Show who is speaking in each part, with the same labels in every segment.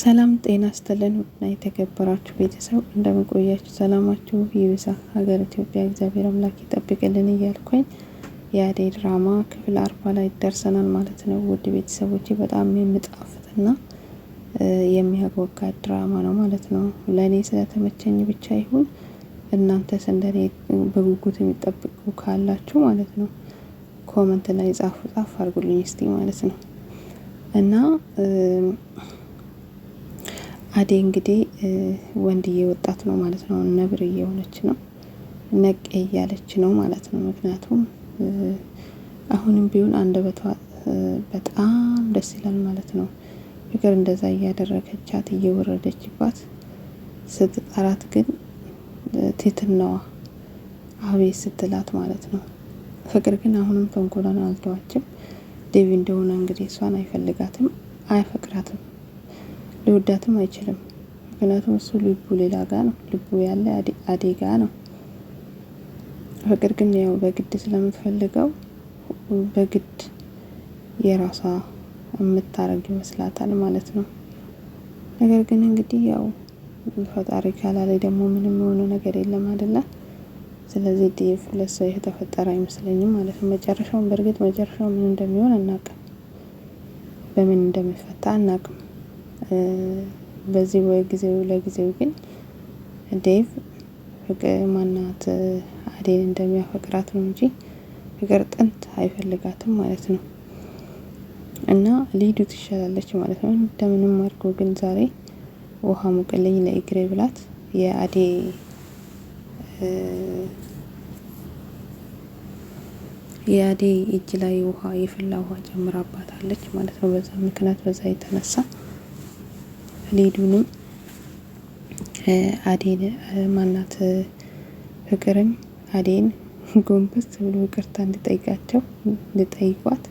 Speaker 1: ሰላም ጤና ስትልን ውድና የተከበራችሁ ቤተሰብ እንደምቆያችሁ ሰላማችሁ ይብዛ። ሀገር ኢትዮጵያ እግዚአብሔር አምላክ ይጠብቅልን እያልኩኝ የአደይ ድራማ ክፍል አርባ ላይ ደርሰናል ማለት ነው። ውድ ቤተሰቦች በጣም የምጣፍትና የሚያጓጓ ድራማ ነው ማለት ነው። ለእኔ ስለተመቸኝ ብቻ ይሁን እናንተስ እንደኔ በጉጉት የሚጠብቁ ካላችሁ ማለት ነው ኮመንት ላይ ጻፉ ጻፍ አርጉልኝ እስቲ ማለት ነው እና አዴ እንግዲህ ወንድዬ ወጣት ነው ማለት ነው። ነብር እየሆነች ነው ነቄ እያለች ነው ማለት ነው። ምክንያቱም አሁንም ቢሆን አንደበቷ በጣም ደስ ይላል ማለት ነው። ፍቅር እንደዛ እያደረገቻት እየወረደችባት ስትጠራት ግን ትትናዋ አቤት ስትላት ማለት ነው። ፍቅር ግን አሁንም ተንኮሏን አልተዋችም። ዴቪ እንደሆነ እንግዲህ እሷን አይፈልጋትም፣ አይፈቅራትም። ሊወዳትም አይችልም። ምክንያቱም እሱ ልቡ ሌላ ጋ ነው፣ ልቡ ያለ አዴጋ ነው። ፍቅር ግን ያው በግድ ስለምፈልገው በግድ የራሷ የምታረግ ይመስላታል ማለት ነው። ነገር ግን እንግዲህ ያው ፈጣሪ ካላለ ደግሞ ምንም የሆነ ነገር የለም አይደለ? ስለዚህ ዴቭ ለሰው የተፈጠረ አይመስለኝም ማለት ነው። መጨረሻውን በእርግጥ መጨረሻው ምን እንደሚሆን አናቅም፣ በምን እንደሚፈታ አናቅም። በዚህ በጊዜው ለጊዜው ግን ዴቭ ፍቅር ማናት አዴን እንደሚያፈቅራት ነው እንጂ ፍቅር ጥንት አይፈልጋትም ማለት ነው። እና ሊዱ ትሻላለች ማለት ነው። እንደምንም አድርጎ ግን ዛሬ ውሃ ሙቅልኝ ለእግሬ ብላት የአዴ የአዴ እጅ ላይ ውሃ የፈላ ውሃ ጨምራባታለች ማለት ነው። በዛ ምክንያት በዛ የተነሳ ሌዱንም አዴን ማናት ፍቅርም አዴን ጎንበስ ብሎ ይቅርታ እንድጠይቃቸው እንድጠይቋት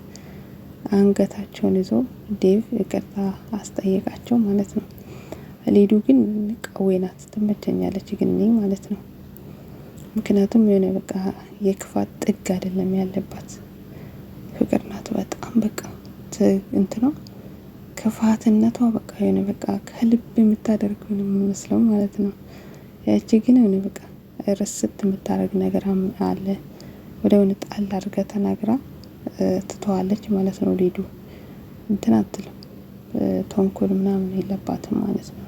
Speaker 1: አንገታቸውን ይዞ ዴቭ ይቅርታ አስጠየቃቸው ማለት ነው። ሌዱ ግን ቀዌ ናት፣ ትመቸኛለች ግን ማለት ነው። ምክንያቱም የሆነ በቃ የክፋት ጥግ አይደለም ያለባት ፍቅር ናት። በጣም በቃ እንትኗ ክፋትነቷ በቃ የሆነ በቃ ከልብ የምታደርገው ነው የሚመስለው ማለት ነው። ያቺ ግን የሆነ በቃ ርስት የምታደርግ ነገር አለ። ወደ ሆነ ጣል አድርገ ተናግራ ትተዋለች ማለት ነው። ሊዱ እንትን አትልም፣ ተንኮል ምናምን የለባትም ማለት ነው።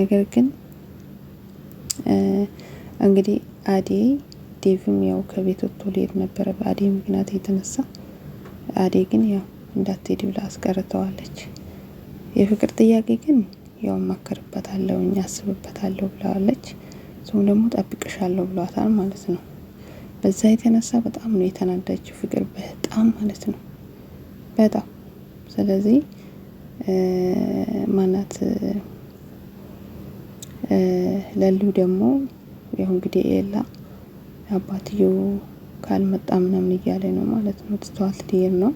Speaker 1: ነገር ግን እንግዲህ አዴይ ዴቭም ያው ከቤት ወጥቶ ሊሄድ ነበረ በአዴይ ምክንያት የተነሳ አዴይ ግን ያው እንዳትሄድ ብላ አስቀርተዋለች። የፍቅር ጥያቄ ግን ያው እማከርበታለሁ አስብበታለሁ ብለዋለች። እሱም ደግሞ ጠብቅሻለሁ ብሏታል ማለት ነው። በዛ የተነሳ በጣም ነው የተናዳችው ፍቅር በጣም ማለት ነው በጣም ስለዚህ ማናት ለሉ ደግሞ ያው እንግዲህ ኤላ አባትየው ካልመጣ ምናምን እያለ ነው ማለት ነው። ትተዋት ልሄድ ነው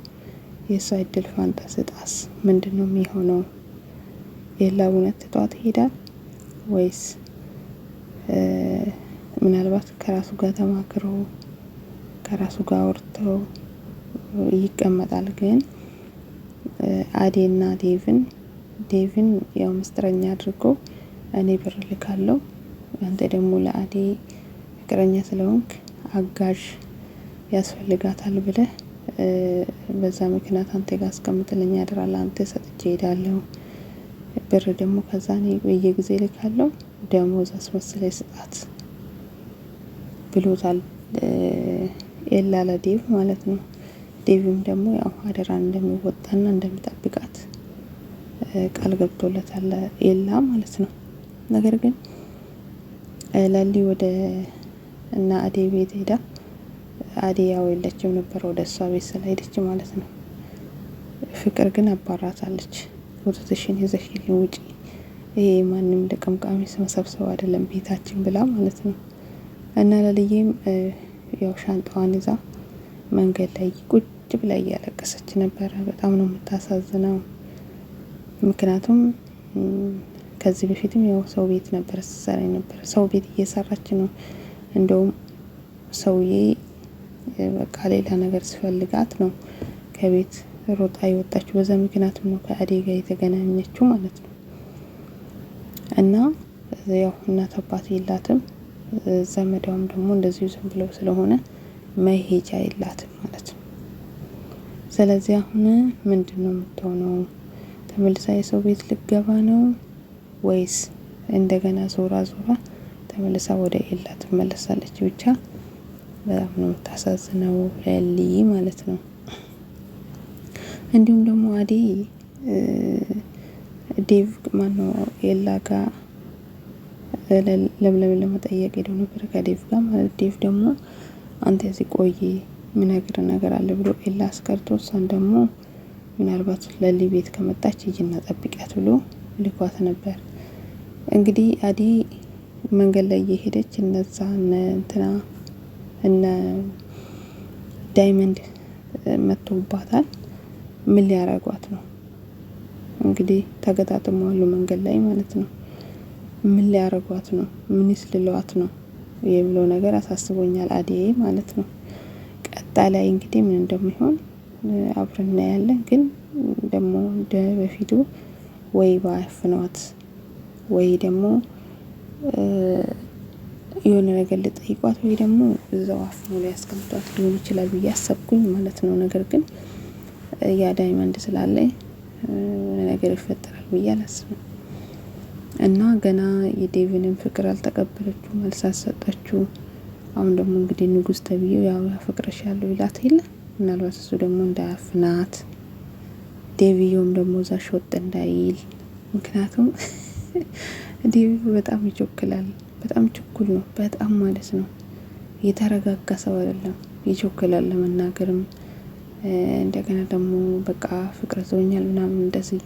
Speaker 1: የእሷ እድል ፋንታ ስጣስ ምንድን ነው የሚሆነው? ኤላ እውነት ትቷት ይሄዳል ወይስ ምናልባት ከራሱ ጋር ተማክሮ ከራሱ ጋር አውርተው ይቀመጣል። ግን አዴና ዴቭን ዴቭን ያው ምስጢረኛ አድርጎ እኔ ብር ልካለው፣ አንተ ደግሞ ለአዴ ፍቅረኛ ስለሆንክ አጋዥ ያስፈልጋታል ብለህ በዛ ምክንያት አንተ ጋር አስቀምጥልኝ አደራ ለአንተ ሰጥቼ ሄዳለሁ። ብር ደግሞ ከዛ እኔ በየጊዜ እልካለሁ ደሞዝ አስመስለኝ ስጣት ብሎታል። ኤላ ዴቭ ማለት ነው። ዴቭም ደግሞ ያው አደራ እንደሚወጣና እንደሚጠብቃት ቃል ገብቶለታል ኤላ ማለት ነው። ነገር ግን ለሊ ወደ እና አዴ ቤት ሄዳ አዲያው የለችም ነበር ወደ እሷ ቤት ስለሄደች ማለት ነው። ፍቅር ግን አባራታለች። ወተትሽን ይዘሽልኝ ውጪ፣ ይሄ ማንም ለቀምቃሚ መሰብሰብ አይደለም ቤታችን ብላ ማለት ነው። እና ለልዬም ያው ሻንጣዋን ይዛ መንገድ ላይ ቁጭ ብላ እያለቀሰች ነበረ። በጣም ነው የምታሳዝነው። ምክንያቱም ከዚህ በፊትም ያው ሰው ቤት ነበረ ስትሰራ ነበረ። ሰው ቤት እየሰራች ነው እንደውም ሰውዬ በቃ ሌላ ነገር ሲፈልጋት ነው ከቤት ሮጣ የወጣችው። በዛ ምክንያት ነው ከአዴ ጋር የተገናኘችው ማለት ነው። እና ያው እናት አባት የላትም። ዘመዳውም ደግሞ እንደዚሁ ዝም ብለው ስለሆነ መሄጃ የላትም ማለት ነው። ስለዚህ አሁን ምንድን ነው የምትሆነው? ተመልሳ የሰው ቤት ልገባ ነው ወይስ እንደገና ዞራ ዞራ ተመልሳ ወደ ኤላ ትመለሳለች ብቻ በጣም ነው የምታሳዝነው ለሊ ማለት ነው። እንዲሁም ደግሞ አዴ ዴቭ ማነው ኤላ ጋ ለምለምን ለመጠየቅ ሄደው ነበር ከዴቭ ጋር ማለት ዴቭ ደግሞ አንተ እዚህ ቆይ ምነግር ነገር አለ ብሎ ኤላ አስቀርቶ እሷን ደግሞ ምናልባት ለሊ ቤት ከመጣች ሂጂና ጠብቂያት ብሎ ልኳት ነበር። እንግዲህ አዴ መንገድ ላይ እየሄደች እነዛ እንትና እነ ዳይመንድ መጥቶባታል። ምን ሊያረጓት ነው እንግዲህ? ተገጣጥመዋሉ መንገድ ላይ ማለት ነው። ምን ሊያረጓት ነው? ምንስ ልለዋት ነው የሚለው ነገር አሳስቦኛል። አዲ ማለት ነው። ቀጣ ላይ እንግዲህ ምን እንደሚሆን አብረን እናያለን። ግን ደግሞ እንደ በፊቱ ወይ ባያፍኗት ወይ ደግሞ የሆነ ነገር ልጠይቋት ወይ ደግሞ እዛው አፍኖ ላይ ያስቀምጧት ሊሆን ይችላል ብዬ አሰብኩኝ ማለት ነው። ነገር ግን ያ ዳይመንድ ስላለ የሆነ ነገር ይፈጠራል ብዬ አላስብም። እና ገና የዴቪንን ፍቅር አልተቀበለችው መልስ አልሰጠችውም። አሁን ደግሞ እንግዲህ ንጉስ ተብዬው ያው ያፈቅረሻለሁ ይላት የለ ምናልባት እሱ ደግሞ እንዳያፍናት ዴቪዮም ደግሞ እዛ ሾጥ እንዳይል ምክንያቱም ዴቪ በጣም ይቾክላል። በጣም ችኩል ነው፣ በጣም ማለት ነው። የተረጋጋ ሰው አይደለም፣ ይቸኩላል ለመናገርም። እንደገና ደግሞ በቃ ፍቅር ዘውኛል ምናምን እንደዚህ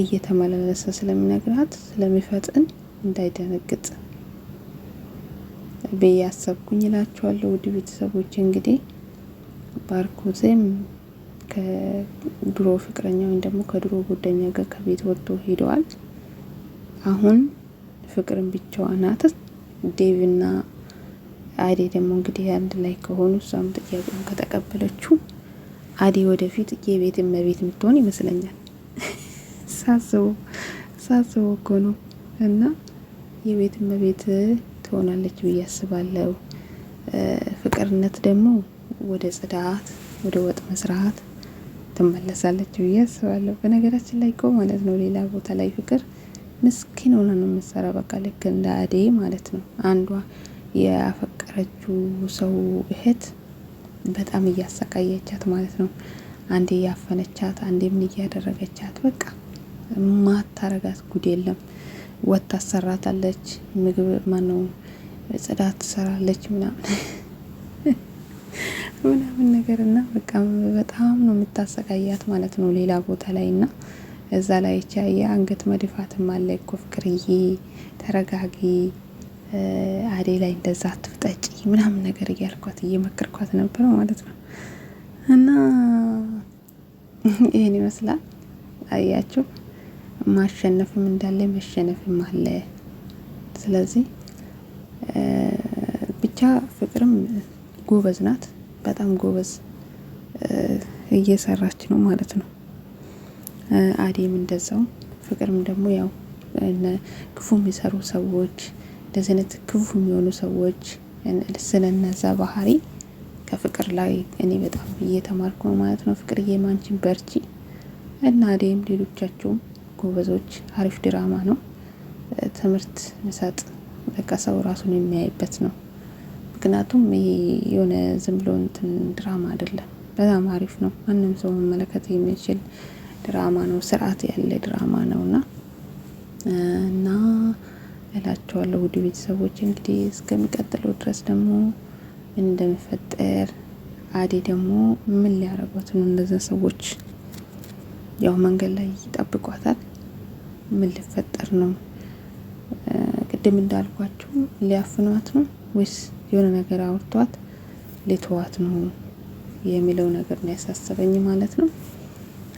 Speaker 1: እየተመላለሰ ስለሚነግራት ስለሚፈጥን እንዳይደነግጥ ብዬ አሰብኩኝ እላችኋለሁ። ውድ ቤተሰቦች እንግዲህ ባርኮቴም ከድሮ ፍቅረኛ ወይም ደግሞ ከድሮ ጓደኛ ጋር ከቤት ወጥቶ ሄደዋል አሁን ፍቅርን ብቻዋ ናት። ና አዴ ደግሞ እንግዲህ አንድ ላይ ከሆኑ እሷም ጥያቄውን ከተቀበለችው አዴ ወደፊት የቤት እመቤት የምትሆን ይመስለኛል። ሳስቦ ሳስቦ እኮ ነው እና የቤት እመቤት ትሆናለች ብዬ አስባለሁ። ፍቅርነት ደግሞ ወደ ጽዳት፣ ወደ ወጥ መስራት ትመለሳለች ብዬ አስባለሁ። በነገራችን ላይ እኮ ማለት ነው ሌላ ቦታ ላይ ፍቅር ምስኪን ሆነ ነው የምትሰራ። በቃ ልክ እንደ አዴ ማለት ነው። አንዷ የፈቀረችው ሰው እህት በጣም እያሰቃየቻት ማለት ነው። አንዴ እያፈነቻት፣ አንዴ ምን እያደረገቻት በቃ ማታረጋት ጉድ የለም። ወጥ ታሰራታለች፣ ምግብ ማነው ጽዳት ትሰራለች ምናምን ምናምን ነገር እና በቃ በጣም ነው የምታሰቃያት ማለት ነው ሌላ ቦታ ላይ እና እዛ ላይ ቻ የአንገት መድፋትም አለ እኮ ፍቅርዬ፣ ተረጋጊ አዴ ላይ እንደዛ ትፍጠጭ ምናምን ነገር እያልኳት እየመክርኳት ነበረ ማለት ነው። እና ይህን ይመስላል አያችሁ፣ ማሸነፍም እንዳለ መሸነፍም አለ። ስለዚህ ብቻ ፍቅርም ጎበዝ ናት፣ በጣም ጎበዝ እየሰራች ነው ማለት ነው። አዴም እንደዛው ፍቅርም ደግሞ ያው ክፉ የሚሰሩ ሰዎች እንደዚህ አይነት ክፉ የሚሆኑ ሰዎች ስለነዛ ባህሪ ከፍቅር ላይ እኔ በጣም እየተማርኩ ነው ማለት ነው። ፍቅርዬ ማንቺን በርቺ እና አዴም ሌሎቻቸውም ጎበዞች። አሪፍ ድራማ ነው። ትምህርት ምሰጥ በቃ ሰው ራሱን የሚያይበት ነው። ምክንያቱም ይሄ የሆነ ዝም ብሎ እንትን ድራማ አይደለም። በጣም አሪፍ ነው። ማንም ሰው መመለከት የሚችል ድራማ ነው፣ ስርዓት ያለ ድራማ ነው እና እና እላቸዋለሁ ውድ ቤተሰቦች እንግዲህ እስከሚቀጥለው ድረስ ደግሞ እንደሚፈጠር አዴ ደግሞ ምን ሊያረጓት ነው? እነዚያ ሰዎች ያው መንገድ ላይ ይጠብቋታል። ምን ሊፈጠር ነው? ቅድም እንዳልኳቸው ሊያፍኗት ነው ወይስ የሆነ ነገር አውርቷት ሊተዋት ነው የሚለው ነገር ነው ያሳሰበኝ ማለት ነው።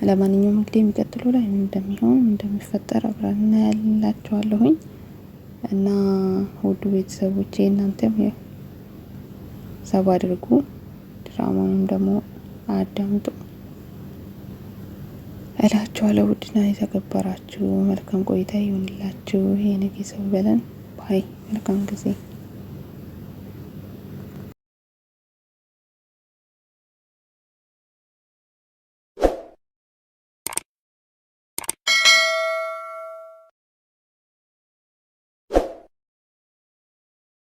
Speaker 1: ለማንኛውም እንግዲህ የሚቀጥሉ ላይ እንደሚሆን እንደሚፈጠር አብረን እናያላችኋለሁኝ እና ውዱ ቤተሰቦቼ እናንተም ሰብ አድርጉ፣ ድራማውንም ደግሞ አዳምጡ እላችኋለሁ። ውድና የተከበራችሁ መልካም ቆይታ ይሆንላችሁ። ይህን ጊዜ በለን ባይ መልካም ጊዜ